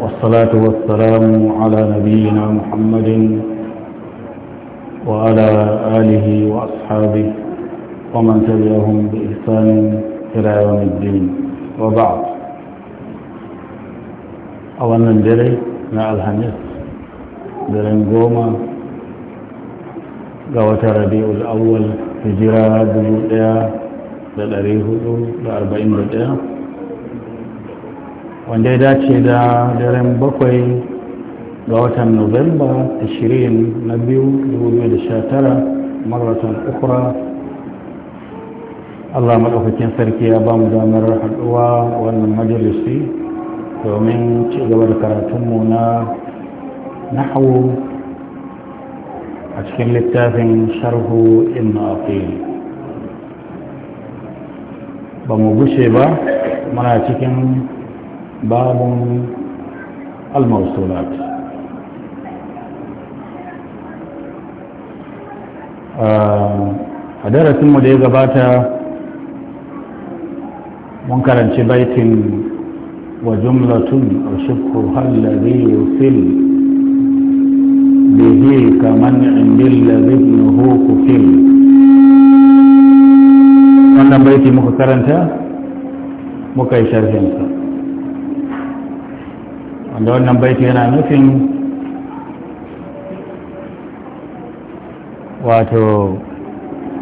والصلاة والسلام على نبينا محمد وعلى آله وأصحابه ومن تبعهم بإحسان إلى يوم الدين وبعد أولا ندري مع الهنس درين قوما قوة ربيع الأول هجرة دبوء da لأريه hudu da arba'in wanda ya dace da daren bakwai ga watan nuwamba 20 na biyu 2019 maratan ukura allah maɗaukakin sarki ya ba mu damar haɗuwa wannan majalisi domin ci gaba da karatunmu na nahawu a cikin littafin sharhu ibn aqil ba mu gushe ba muna cikin باب الموصولات a darasinmu da ya gabata mun karanci baitin wa jumlatun a shukku hallari yusil bihi kaman indin lazinuhu kufil wannan baiti muka karanta muka yi sharhinsa wanda wannan baiti yana nufin wato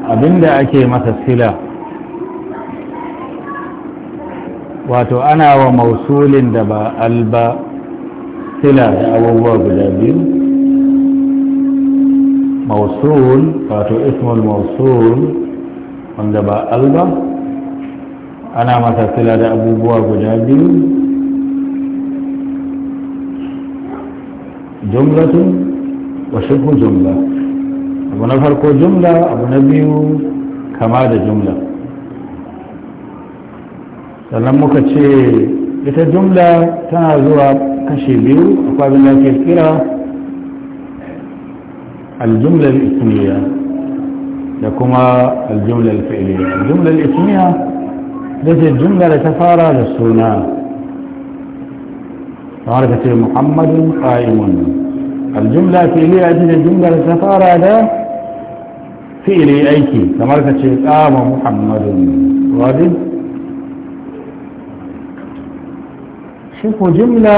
abinda ake masa sila wato ana wa mausulin da ba alba sila da abubuwa guda biyu mausul wato ismul mausul wanda ba alba ana masa sila da abubuwa guda biyu jumlatun wa shibhu jumla abu na farko jumla abu na biyu kama da jumla sannan muka ce ita jumla tana zuwa kashi biyu akwai abin da ke kira aljumla al'ismiya da kuma aljumla al'fa'iliya aljumla al'ismiya da ce jumla da ta fara da suna kamar ka ce muhammadin ƙa'imun aljumla fi'liya shi jumlar ta fara da fi'li aiki kamar ka ce tsama muhammadun wadin shi ku jumla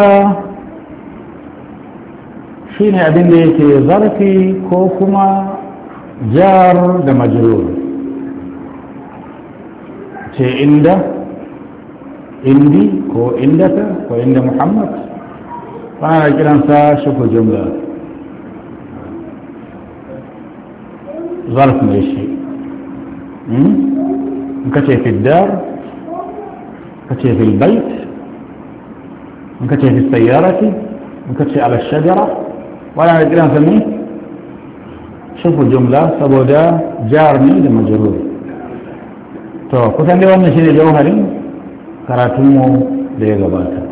shi ne abin da yake zarfi ko kuma jar da majalur ce inda indi ko indata ko inda muhammad ba na kiransa shi ku jumla ظرف من الشيء مكتية في الدار مكتية في البيت مكتية في السيارة مكتية على الشجرة ولا نجرها في مين شوفوا الجملة سبودا جارني لما جروري تو كتن لو نشيني جوهري كراتمو ليه غباتا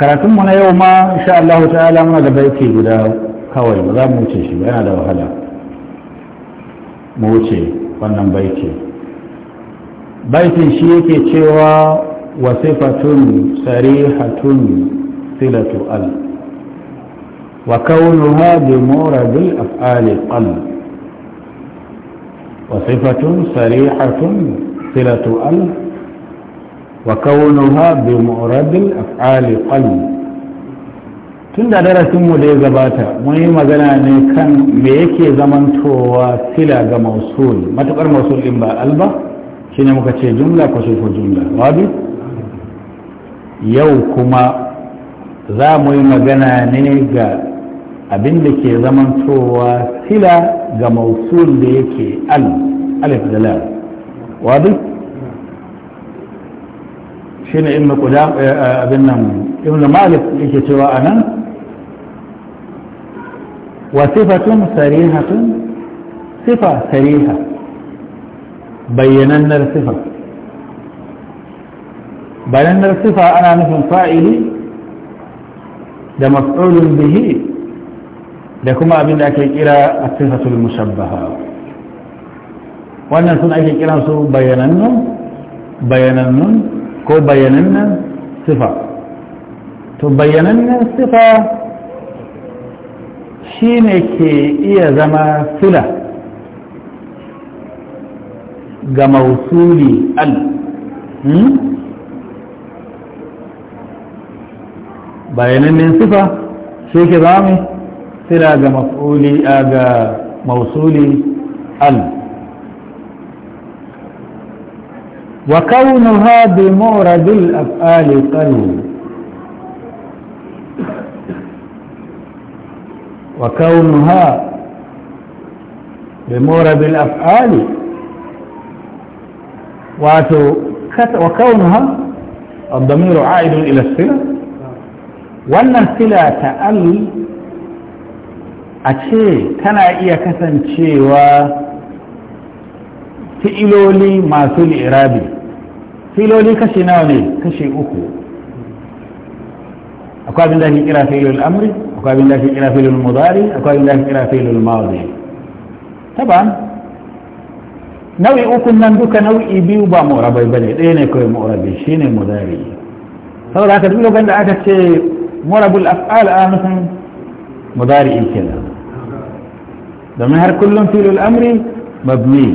كراتمو نيوما إن شاء الله تعالى ما دبيتي قداو kawai ba za mu wuce shi ba yana da wahala mu wuce wannan baiti baitin shi yake cewa wasifatun sarihatun silatu al wa kaunuha bi muradil af'ali qal wasifatun sarihatun silatu al wa kaunuha bi muradil af'ali qal tun da darasinmu da ya gabata mun yi magana ne kan me yake zamantowa sila ga mausul matukar mausul din ba alba shine muka ce jumla ko shi ko jumla wabi yau kuma za mu yi magana ne ga abin da ke zamantowa sila ga mausul da yake al alif da lam wabi shine ibn qudam eh, eh, abin nan ibn malik yake cewa anan وصفة سريحة صفة سريحة بينا الصفة بينا الصفة أنا نفهم فائل ده به لكما كما أبين أكي إلى الصفة المشبهة وأن نسون أكي إلى نسو بينا بينا كو بينا صفة تبينا الصفة, الصفة shi ne ke iya zama sila ga mausuli al hmm? bayanin sifa shi ke zama sila ga mausuli ga mausuli al وكونها بمورد الأفعال قلب وكونها بمورد الأفعال وكونها الضمير عائد إلى الصلة وأن الصلة تأل أشي كان إيا كثن شي و فئلولي ما سل إرابي فئلولي كشي ناولي كشي أكو أقول بالله إرا فئل الأمر أقوى من ذلك إلى فعل المضاري أقوى من ذلك الماضي طبعا نوي أكن ننبوك نوي إبي وبا مؤربا يبليل إيه نكوي مؤربي شيني مضاري فهو لها تدبيلو قد أعتد شيء مؤرب الأفعال آمثا آه، مضاري إيه كده دمهر كل فعل الأمر مبني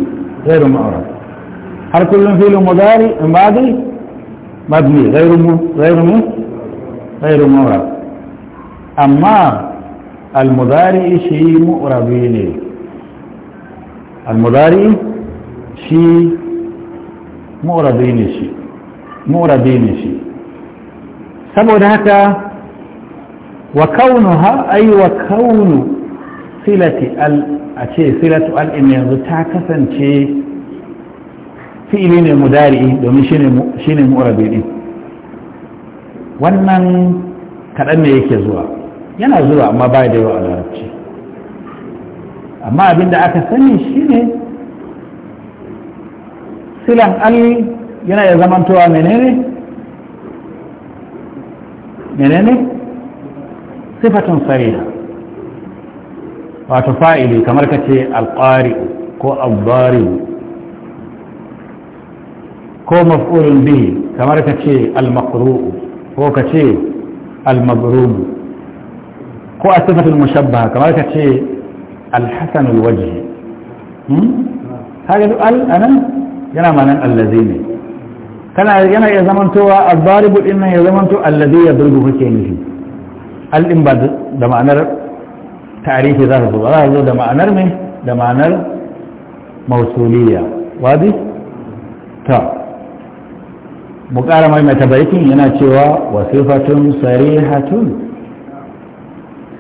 غير مؤرب هر كل فعل مضاري مبادي مبني غير مؤرب غير مؤرب amma almudari shi mu'rabi ne almudari shi mu'rabi ne shi saboda haka wa kaunu ha ai wa kaunu filati al a ce silatu al yanzu ta kasance fi'ili ne mudari domin shi ne mu'rabi din wannan kaɗan ne yake zuwa yana zuwa amma ba da yawa a larabci amma abin da aka sani shi ne silan al yana ya zamantowa menene menene sifatun sariha wato fa'ili kamar ka ce alƙari ko albari ko maf'ulun bihi kamar ka ce almakuru ko ka ce almabrumu ko a sifatul mushabbaha kamar ka ce alhassanul waje haka hmm? al anan yana manan allazi ne kana yana iya zamantowa al-daribu din nan ya zamanto allazi ya durgu kake nufi al ba da ma'anar tarihi za ta zo ba za ta zo da ma'anar me da ma'anar mausuliya wadi ta mu ƙara mai mata baikin yana cewa wasifatun sarihatun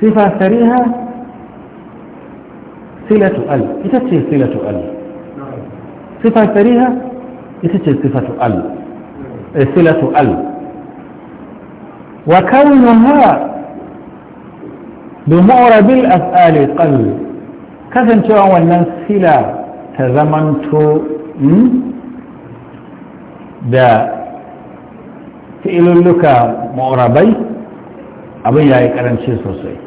صفة سريها صلة أل يتسير صلة أل صفة سريها يتسير صفة أل إيه، صلة أل وكونها بمعرب الأسئال قل كذن شو أولا صلة تزمنت دا فئل لك معربي أبي يأي كرنشي سوسي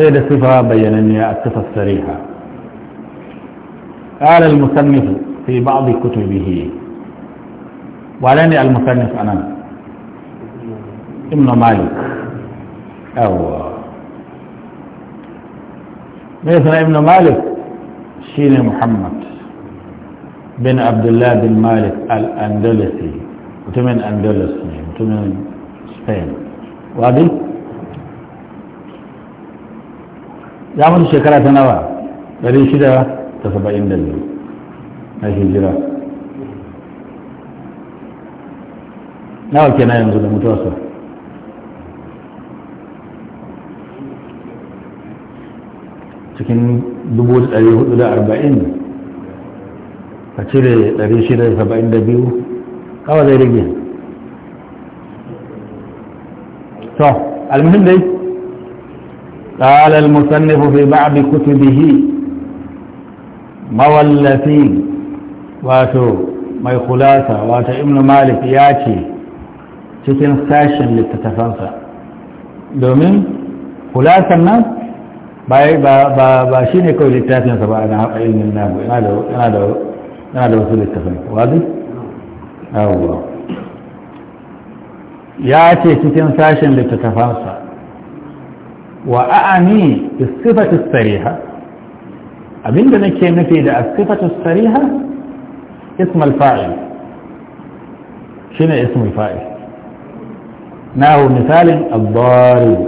سيد الصفة بينني الصفة الصريحة قال المصنف في بعض كتبه ولاني المصنف أنا ابن مالك أو مثل ابن مالك شين محمد بن عبد الله بن مالك الأندلسي وتمن أندلسي وتمن سبين واضح ya mutu shekara ta nawa 672 na hijira nawa na yanzu da mutuwarsa cikin 440 a cire 672 kawai zai rage to almuhim dai قال المصنف في بعض كتبه مولفين واتو مي خلاصة واتو ابن مالك ياتي تكن ساشن للتتفنسة دومين خلاصة ما باي با با با شين يكو للتاتين سبا انا علم إيه النابو انا دو انا دو انا دو وصول التفنسة واضح؟ اوه ياتي تكن ساشن للتتفنسة وأعني بالصفة الصريحة أبين دنكي نفي الصفة الصريحة اسم الفاعل شنو اسم الفاعل ناهو مثال الضارب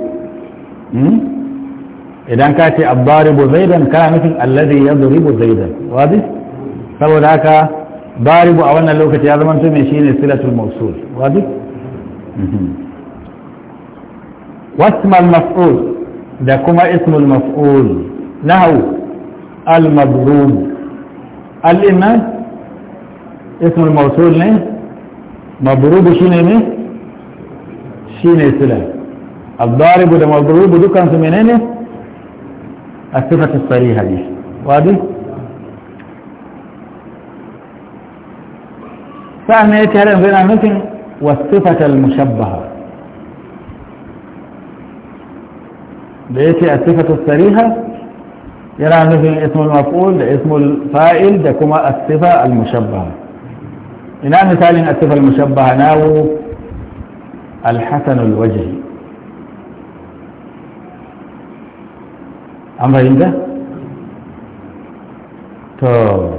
إذا كانت الضارب زيدا كان مثل الذي يضرب زيدا واضح فهو ذاك ضارب أولا لو كنت يظمن تمشين سلة الموصول واضح واسم المفعول ده كما اسم المفعول له المضروب قال لي ما اسم الموصول ليه مضروب شنو ايه شنو سله الضارب ده مضروب ده كان من هنا الصفه الصريحه دي واضح فهمت يا ترى فين عملتين والصفه المشبهه ليتي الصفة الصريحة يرى أنه اسم المفعول اسم الفائل دكما الصفة المشبهة إنها مثال الصفة المشبهة ناو الحسن الوجه أمر إنت تو طيب.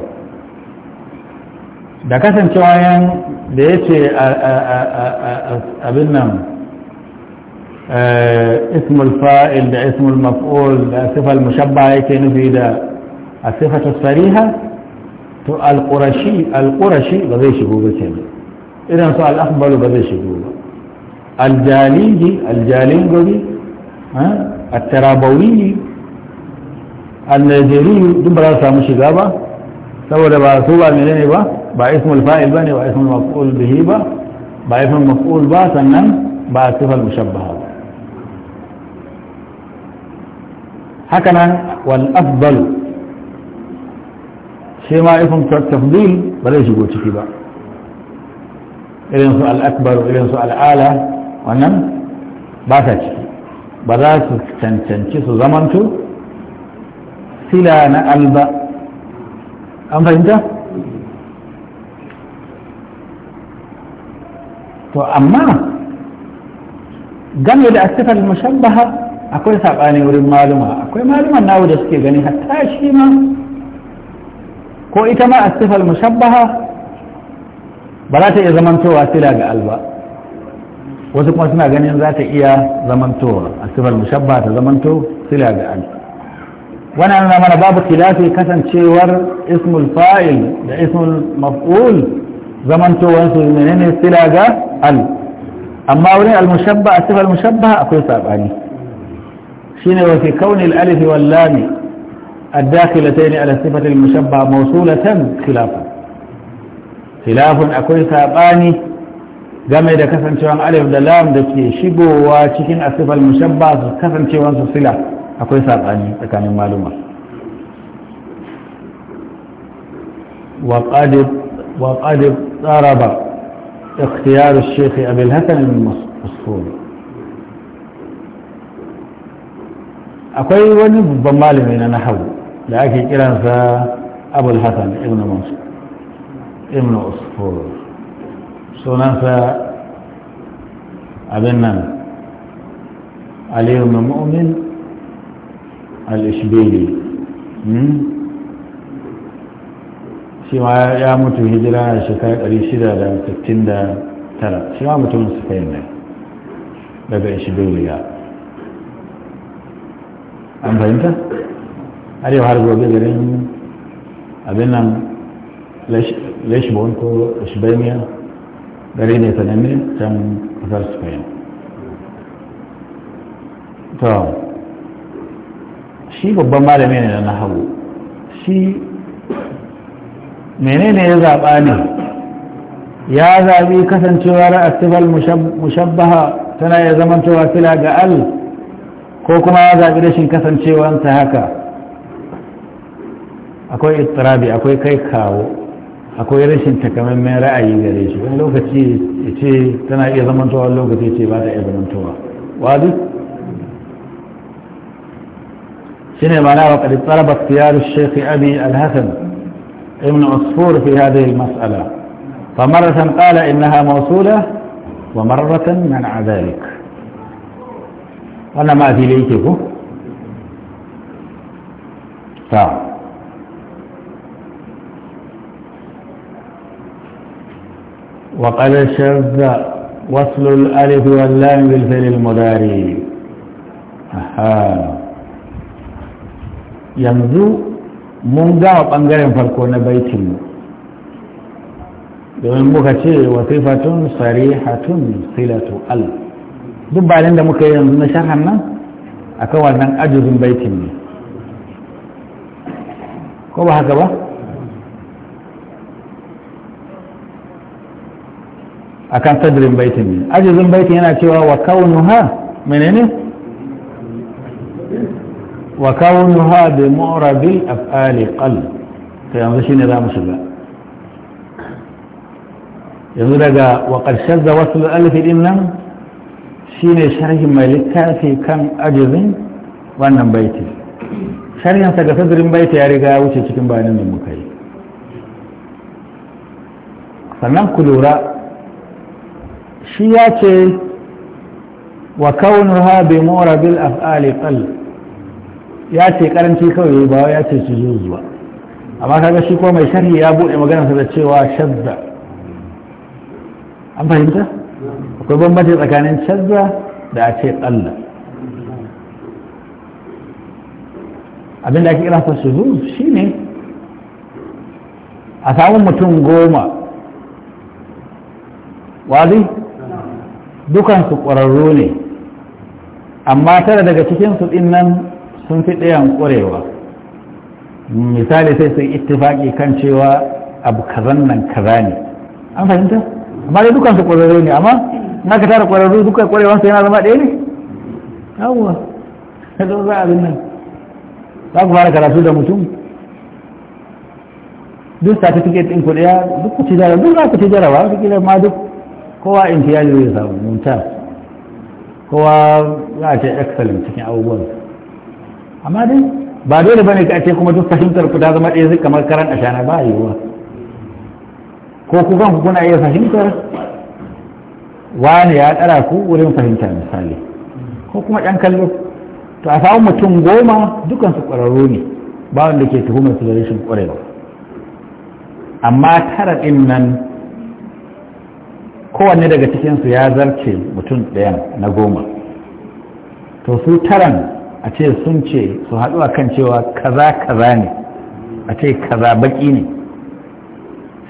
دكاسن شوائن ليتي أبنم آه، اسم الفائل باسم المفعول الصفه المشبهه هيتين يعني في ده الصفه الصريحه القرشي القرشي بغيش يقول كده اذا سؤال اقبل بغيش يقول الجاليجي الجالينجوي ها الترابوي النيجيري دبر راسه مش جابا سوى ده سوى منين يبقى باسم الفاعل بني واسم المفعول به با باسم المفعول با ثم با الصفه المشبهه haka nan wal afdal shi ma ifin tafdil ba zai shigo ciki ba irin su al'akbar irin su al'ala wannan ba ta ciki ba za su cancanci su zamantu sila na alba an fahimta? to amma game da asifar mashabbaha akwai saɓani wurin maluma akwai maluman nawo da suke gani hatta shi ma ko ita ma asifal mushabbaha ba za ta iya zamantowa sila ga alba wasu kuma suna ganin za ta iya zamantowa asifal mushabbaha ta zamanto sila ga alba wannan nuna mana babu khilafi kasancewar ismul fa'il da ismul maf'ul zamantowansu menene sila ga al amma wurin al-mushabba asifal mushabbaha akwai saɓani شين وفي كون الألف واللام الداخلتين على الصفه المشبه موصولة خلافا خلاف أكون ساباني جمع دا كسن شوان ألف دا لام دا كي شبو وشكين أصفة المشبه كسن شوان سلسلة أكون ساباني دا كان وقد وقد اضطرب اختيار الشيخ أبي الهسن المصفوري akwai wani babban malami na nahawu da ake kiransa abul hasan ibn mansur ibn usfur sunansa abin nan aliyu mu'min al-ishbili shi ma ya mutu hijira a shekara 669 shi ma mutumin kai ne daga ishbiliya an fahimta har yau har gobe garin abin nan lashibon ko shibaniya gari ne sananne can kasar spain to shi babban malami ne na hagu shi menene ya zaɓa ne ya zaɓi kasancewar asibal mushabbaha tana ya zamantowa fila ga al ko kuma ya zaɓi rashin kasancewansa haka akwai istirabi akwai kai kawo akwai rashin takamaimen ra'ayi gare shi wani lokaci ya ce tana iya zamantowa lokaci ce ba ta iya zamantowa wadu shi ne mana wa ƙarfi tsarabar siyar shekhi abi alhassan ibn usfur fi hadhihi mas'ala ƙala فمرة قال إنها موصولة ومرة منع ذلك wannan ma fili yake ko ta وقد شذ وصل الألف واللام filin المضارع yanzu mun gawa ɓangaren farko na baitinmu domin muka ce wa sifatun sarihatun silatu al duk bayan da muka yi yanzu na sharhan nan akan wannan ajuzin baitin ne ko ba haka ba akan sadrin baitin ne ajuzin baitin yana cewa wa kaunuha menene wa kaunuha bi mu'rabi af'ali qal ta yanzu shine za mu shiga yanzu daga wa qad shazza wasl al-alif din nan ne sharhin mai littafi kan ajizin wannan baiti sharhinsa ga sadarin baiti ya riga wuce cikin bayanin da muka yi sannan ku lura shi ya ce wa kaunuha bi bil af'ali qal ya ce karanci kawai ba ya ce su zuzuwa amma kaga shi ko mai sharhi ya bude maganarsa da cewa shadda an fahimta akwai bambanci tsakanin canza da a ce tsalla abinda ake kira fa shuzuz shine a samun mutum goma wazi dukansu ƙwararru ne amma tara daga cikinsu ɗin nan sun fi ɗayan ƙurewa misali sai sun ittifaƙi kan cewa abu kazan nan kaza ne an fahimta amma dai dukansu ƙwararru ne amma na ka tara kwararru duka kwarewansa yana zama ɗaya ne yawwa ka zama za a abin nan za ku fara karatu da mutum duk certificate ɗin kuɗi ya? duk kuci ci jarawa duk za ku ci jarawa su kila ma duk kowa in ya zai samu munta kowa za a ce excellent cikin abubuwan amma dai ba dole bane ka ce kuma duk fahimtar ku ta zama ɗaya kamar karan ashana ba yiwuwa ko ku kuna iya fahimtar wani ya tsara ku wurin fahimtar misali ko kuma ɗan kallo to a samu mutum goma dukansu ƙwararru ne ba wanda ke tuhumar su da rashin ƙwarewa amma tara ɗin nan kowanne daga cikinsu ya zarce mutum ɗayan na goma to su taran a ce sun ce su haɗu a kan cewa kaza kaza ne a ce kaza baƙi ne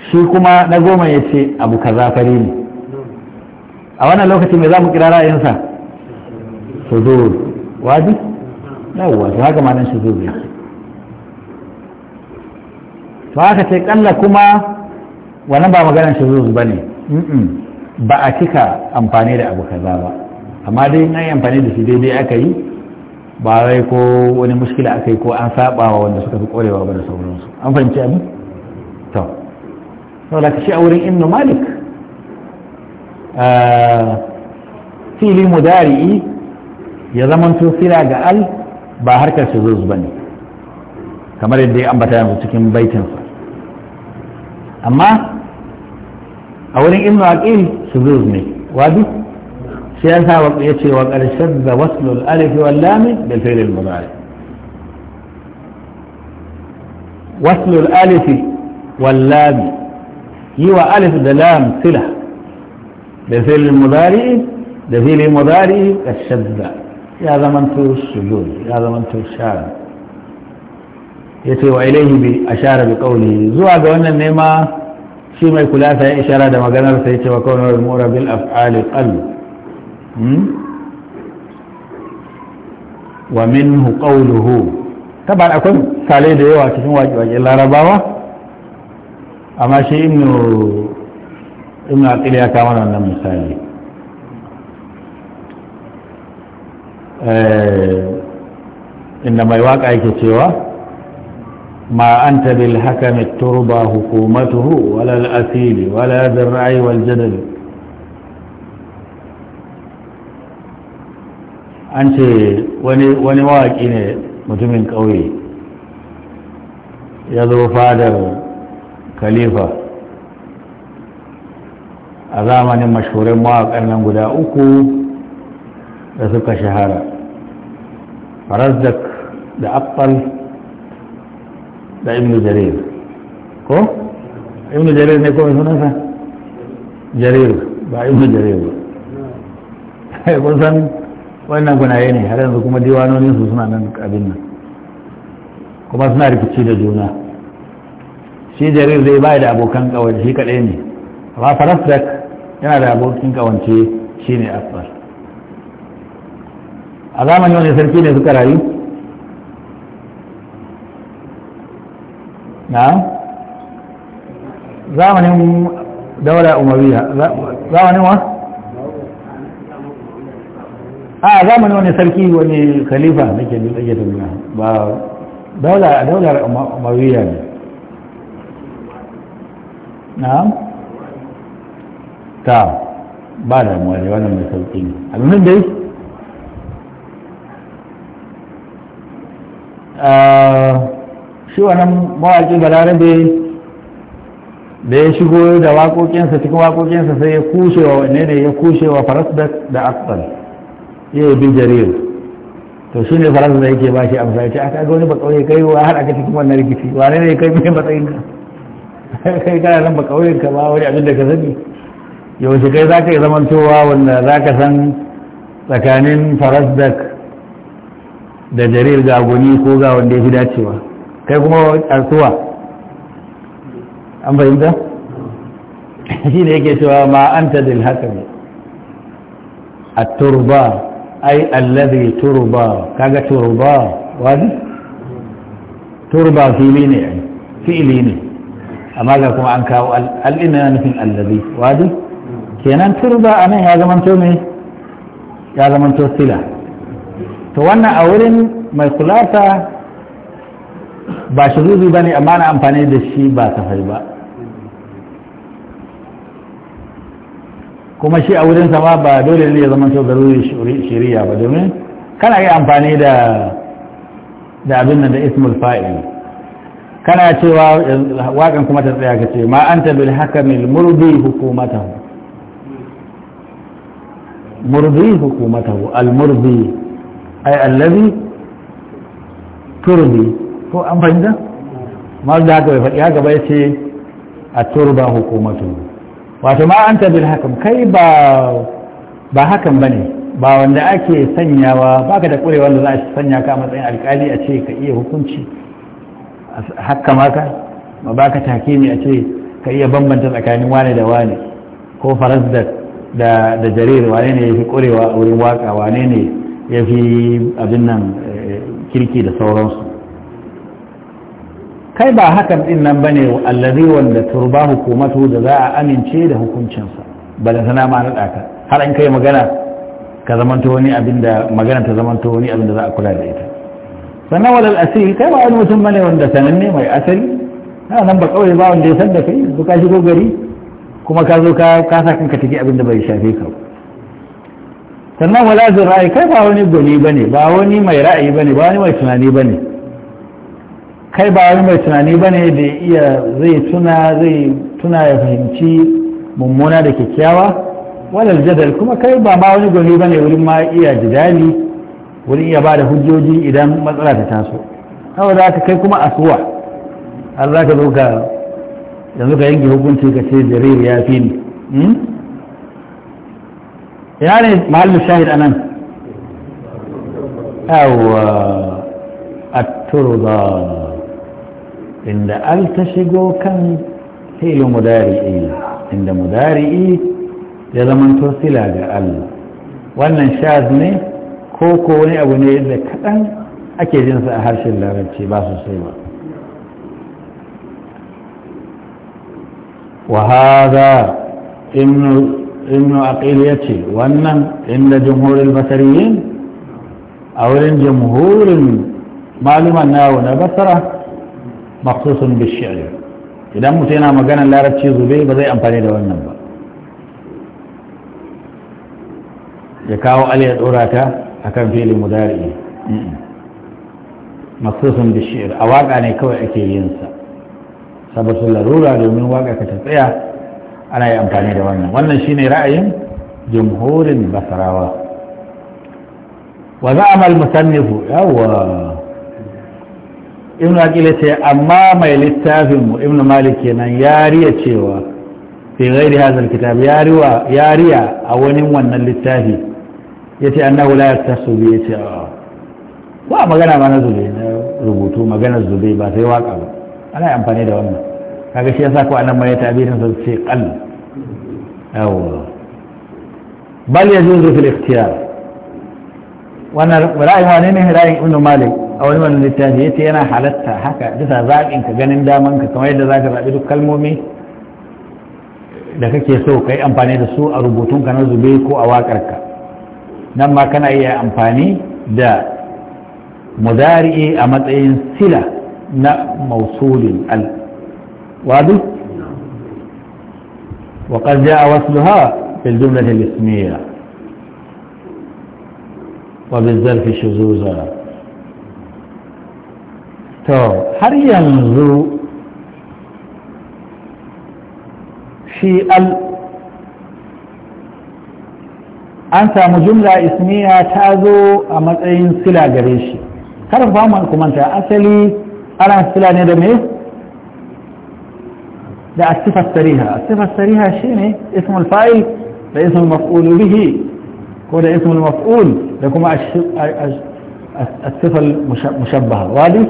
shi kuma na goma ya ce abu kaza fari ne a wannan lokaci mai za mu kira ra'ayinsa shuzur wajib yawwa to haka malan shuzur ne to haka ce kalla kuma wannan ba maganar shuzur ba ne ba a cika amfani da abu kaza ba amma dai an yi amfani da shi daidai aka yi ba rai ko wani muskila aka yi ko an saba wa wanda suka fi korewa ba da sauransu an fahimci abin to saboda ka shi a wurin ibnu malik fili mudari'i ya zamanto sila ga al ba harkar su zuzu ba ne kamar yadda ya ambata yanzu cikin baitinsa amma a wurin ibnu aqil shuzuz ne wadi sai ya sa ya ce wa ƙarshen da waslul alif wal lam bil fi'l mudari waslul alif wal lam yi wa alif da lam sila da filin mudari da filin mudari ka shadda ya zamanto sujud ya zamanto shara ya ce wa ilaihi bi ashara bi qawli zuwa ga wannan ne ma shi mai kula ta ya ishara da maganar sai ce wa kawai al-mu'ra bil af'ali qalb hmm? wa minhu qawluhu tabar akwai sale da yawa cikin waƙe-waƙen larabawa amma shi ibnu ibn aqil ya kawo wannan misali eh, inda mai waka yake cewa ma anta bil hakami turba hukumatu wala al asili wala dhar ra'i wal an ce wani mawaƙi ne mutumin ƙauye ya zo fadar khalifa a zamanin mashurin mawaƙan nan guda uku da suka shahara razak da abbal da ibn jarir ko? ibn jarir ne kome sunansa? jarir ba ibn jarir ba kun san wannan gunaye ne har yanzu kuma su suna nan abin nan kuma suna rikici da juna shi jarir zai bai da abokan kawai shi kaɗai ne amma farasdak yana da abokin kawance shine asbar a zamanin wani sarki ne suka rayu na zamanin daura umariya zamanin wa a zamanin wani sarki wani khalifa na ke nake duniya ba daular umariya ne na'am ta ba da ne wannan mai sauƙi ne abin dai ah, shi wannan mawaƙi balarabe da ya shigo da waƙoƙinsa cikin waƙoƙinsa sai ya kushewa wa ne ya kushewa farasdak da aksal ya yi jarir to shi ne faransa yake ba shi amsa ya ce aka ah, ga wani bakauye kai wa har aka cikin wannan rikici wane ne kai mai matsayin ka kai kana nan bakawai ka ba wani abin da ka sani yaushe kai za ka yi zamantowa wanda za ka san tsakanin farasdak da jarir ga guni ko ga wanda ya fi dacewa kai kuma arsuwa an fahimta? shi ne yake cewa ma an ta dil haka ne a turba ai allazi turba kaga turba wani? turba fili ne fi'ili ne amma ga kuma an kawo al'ina nufin allazi wani? kenan turba a nan ya zamanto mai ya zamanto sila to wannan a wurin mai kulata ba shiruzi ba ne amma na amfani da shi ba safai ba kuma shi a wurin sama ba dole ne ya zamanto zaruri shiriya ba domin kana yi amfani da da abin nan da ismul fa'il kana cewa waƙan kuma ta tsaya ka ce ma anta bil hakamil murbi hukumatahu Murbi hukumatahu al-murzi ay allazi turbi ko an fahimta ma da haka bai faɗi haka bai ce a turba hukumatu wato ma an bil hakan kai ba ba hakan bane ba wanda ake sanyawa ka da kurewa wanda za a sanya ka matsayin alkali a ce ka iya hukunci hakka maka ba ka take takimi a ce ka iya bambanta tsakanin wane da wane ko farazdat da da jarir wane ne yafi fi a wurin waka wane ne yafi abin nan eh, kirki da sauransu kai ba hakan ɗin nan ne allazi wanda turba hukumatu da za a amince da hukuncinsa balantana ma naɗa ka har an kai magana ka zamanta wani abin da magana ta zamanta wani abin da za a kula da ita sannan walal asiri kai ba wani mutum bane wanda sananne mai asali na nan ba kawai ba wanda ya san da kai su shigo gari kuma ka zo ka kasa kanka take abin da bai shafe ka sannan wala zai ra'ayi kai ba wani gwani ba ne ba wani mai ra'ayi ba ne ba wani mai tunani ba ne kai ba wani mai tunani ba ne da iya zai tuna zai tuna ya fahimci mummuna da kyakkyawa walal jadal kuma kai ba ma wani gwani ba ne wurin ma iya jidali wurin iya ba da hujjoji idan matsala ta taso za ka kai kuma asuwa an za ka zo ka yanzu ka yanke hukunci ka ce jarir ya fi ni ya ne mahallin shahid a nan yawwa a turba inda al ta shigo kan filin mudari'i inda mudari'i ya zamanto sila ga al wannan shaz ne ko ko wani abu ne da kaɗan ake jinsa a harshen larabci ba su sai ba وهذا ابن ابن عقيل يتي وأن عند جمهور البصريين أو جمهور معلوم أنه نبصرة مخصوص بالشعر إذا متينا مجانا لا رتشي زبي بزي أمباني دو النبا يكاو علي الأوراتا أكن في المدارئ مخصوص بالشعر أواقع نكوى أكي ينسى saboda larura domin waka ta tsaya ana yi amfani da wannan wannan shine ra'ayin jumhurin basarawa wa za'ama al-musannif yawa ibn aqil ce amma mai littafin mu ibn malik kenan yariya cewa fi gairi hadha al-kitab yariwa yariya a wani wannan littafi Ya ce an yace annahu la yaktasu bi yace ba magana ma na zube na rubutu magana zube ba sai waka ba ana amfani da wannan kaga shi yasa ko anan mai tabirin sun ce qal aw bal yajuzu fil ikhtiyar wannan ra'ayi wani ne ra'ayin ibn malik a wani wannan littafi yace yana halatta haka bisa zaɓin ka ganin daman ka kamar yadda zaka zaɓi duk kalmomi da kake so kai amfani da su a rubutun ka na zube ko a wakar ka nan ma kana iya amfani da mudari'i a matsayin sila نا موصول ال واضح وقد جاء وصلها في الجملة الاسمية وبالظرف شذوذا تو طيب، هل ينزو في ال an samu jumla ismiya ta zo a matsayin sila gare shi kar asali ألم السلان يدم إيه؟ لا الصفة السريحة السفة السريحة شيء إيه؟ اسم الفائل لإسم المفؤول به كون اسم المفؤول لكم الصفة المشبهة وادي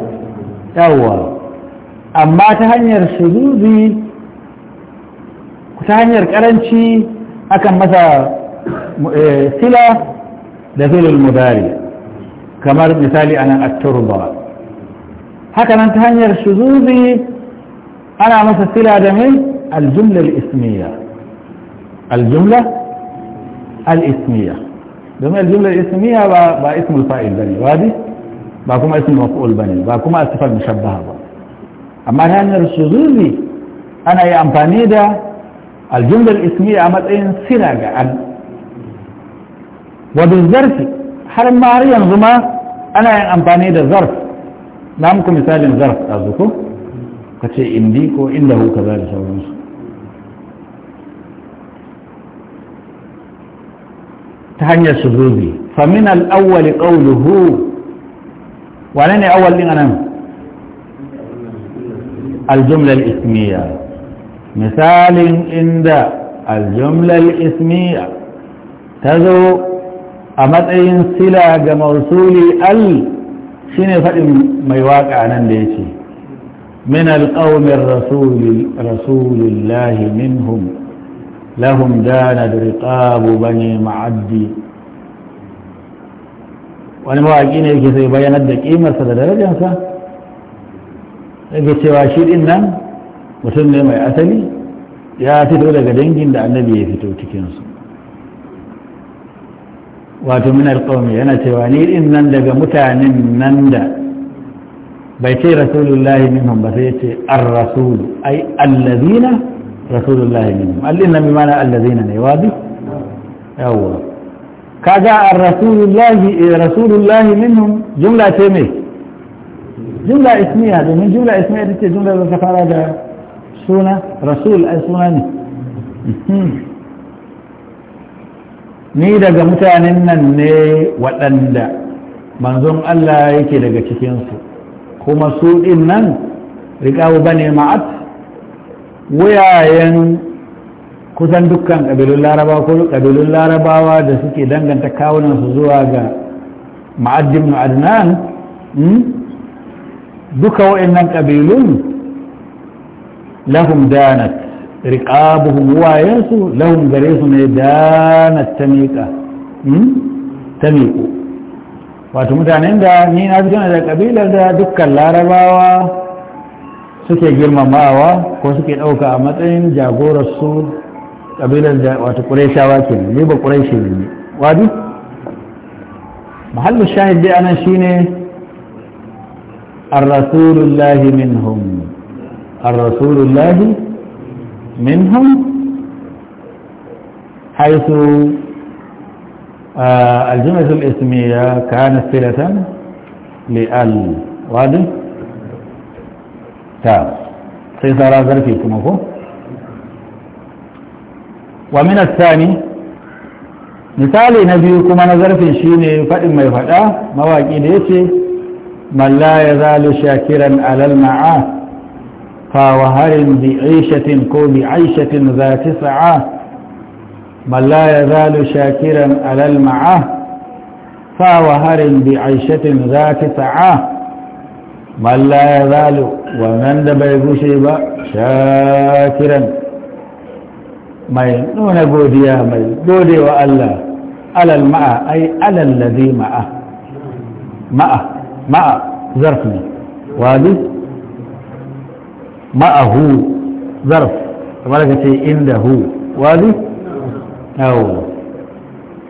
أول أما تهنير شذوذي تهنير كرنشي أكم مثلا سلة إيه، لذول المداري كما مثالي أنا أكتر حكما تهنير الشذوذي أنا مسلسلة من الجملة الإسمية الجملة الإسمية دمي الجملة الإسمية باسم الفائل بني وادي باكما اسم المفؤول بني باكما الصفة المشبهة أما تهنير الشذوذي أنا يأمفاني دا الجملة الإسمية أما تأين سلاجة وبالظرف حرم معريا ظما أنا يأمفاني دا ظرف na muku misalin zarf a zuko ka ce indi ko inda hu kaza da sauransu ta hanyar su zuzi famin al'awwali ƙauluhu wane ne awwal ɗin anan aljumlar ismiya misalin inda aljumlar ismiya ta zo a matsayin sila ga mausuli al shine faɗin mai waƙa nan da ya ce min alƙaumin rasulillahi minhum lahum dana da riƙabu bane ma'addi wani mawaƙi ne yake sai bayanar da ƙimarsa da darajarsa yake cewa shi ɗin nan mutum ne mai asali ya fito daga dangin da annabi ya fito cikinsu wato min alƙawmi yana cewa ni din nan daga mutanen nan da bai ce rasulullahi minhum ba sai ce ar-rasulu ai allazina rasulullahi minhum allin nan bi mana allazina ne wadi yawwa kaga ar-rasulullahi rasulullahi minhum jumla ce me jumla ismiya domin jumla ismiya ce jumla da ta fara da suna rasul ai suna ne ni daga mutanen nan ne waɗanda manzon Allah yake daga cikinsu kuma su ɗin nan riƙawo ba ne ma'at wuyayen kusan dukkan ƙabilun larabawa ko ƙabilun larabawa da suke danganta kawunansu zuwa ga ma'adin adnan hmm? duka wayannan ƙabilun lahum danat riƙabuhum wayansu lahum gare su ne dana tamika hmm? tamiku wato mutanen da ni na fi da kabilar da dukkan larabawa suke girmamawa ko suke ɗauka a matsayin jagorarsu kabilar da wato ƙureshawa ke ne ba ƙureshe ne wadu mahallin shahid dai anan shine ar-rasulullahi minhum ar منهم حيث آه الجملة الاسمية كانت صلة لأل واضح تام سيصار ظرفيكم أخو ومن الثاني مثالي نبيكم أنا في شيني فإما يفعل آه، مواقين يتي من لا يزال شاكرا على المعاه فاوهر بعيشة كو بعيشة ذات سعة من لا يزال شاكرا على المعه فاوهر بعيشة ذات سعة من لا يزال ومن دبيب شيبا شاكرا ما ينون godiya يا godewa Allah وألا ma'a أي alal الذي ma'a معه معه zarf ne ma'ahu zarf kamar ka ce inda hu wali yawo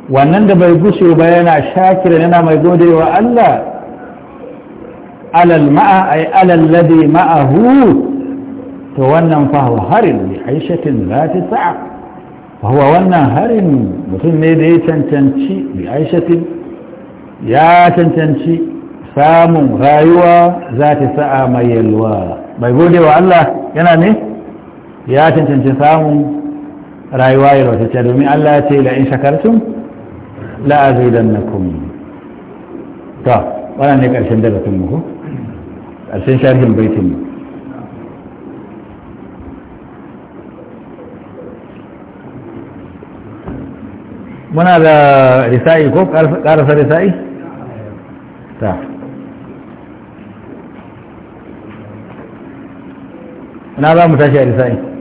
wannan da bai gushe ba yana shakira yana mai gode wa Allah alal ma'a ay alal ladhi ma'ahu to wannan fa huwa harin bi aishatin zati sa'a fa huwa wannan harin mutum ne da ya cancanci bi aishatin ya cancanci samun rayuwa za ta sa'a mai yalwa bai gode wa Allah yana ne ya cancanci samun rayuwa ya yalwatacce domin Allah ya ce la'in shakartun la'azidannakum ta wannan ne karshen daga tun muku Karshen sharhin baitin mu muna da risa'i ko ƙarasa risa'i ta ina za mu tashi a risa'i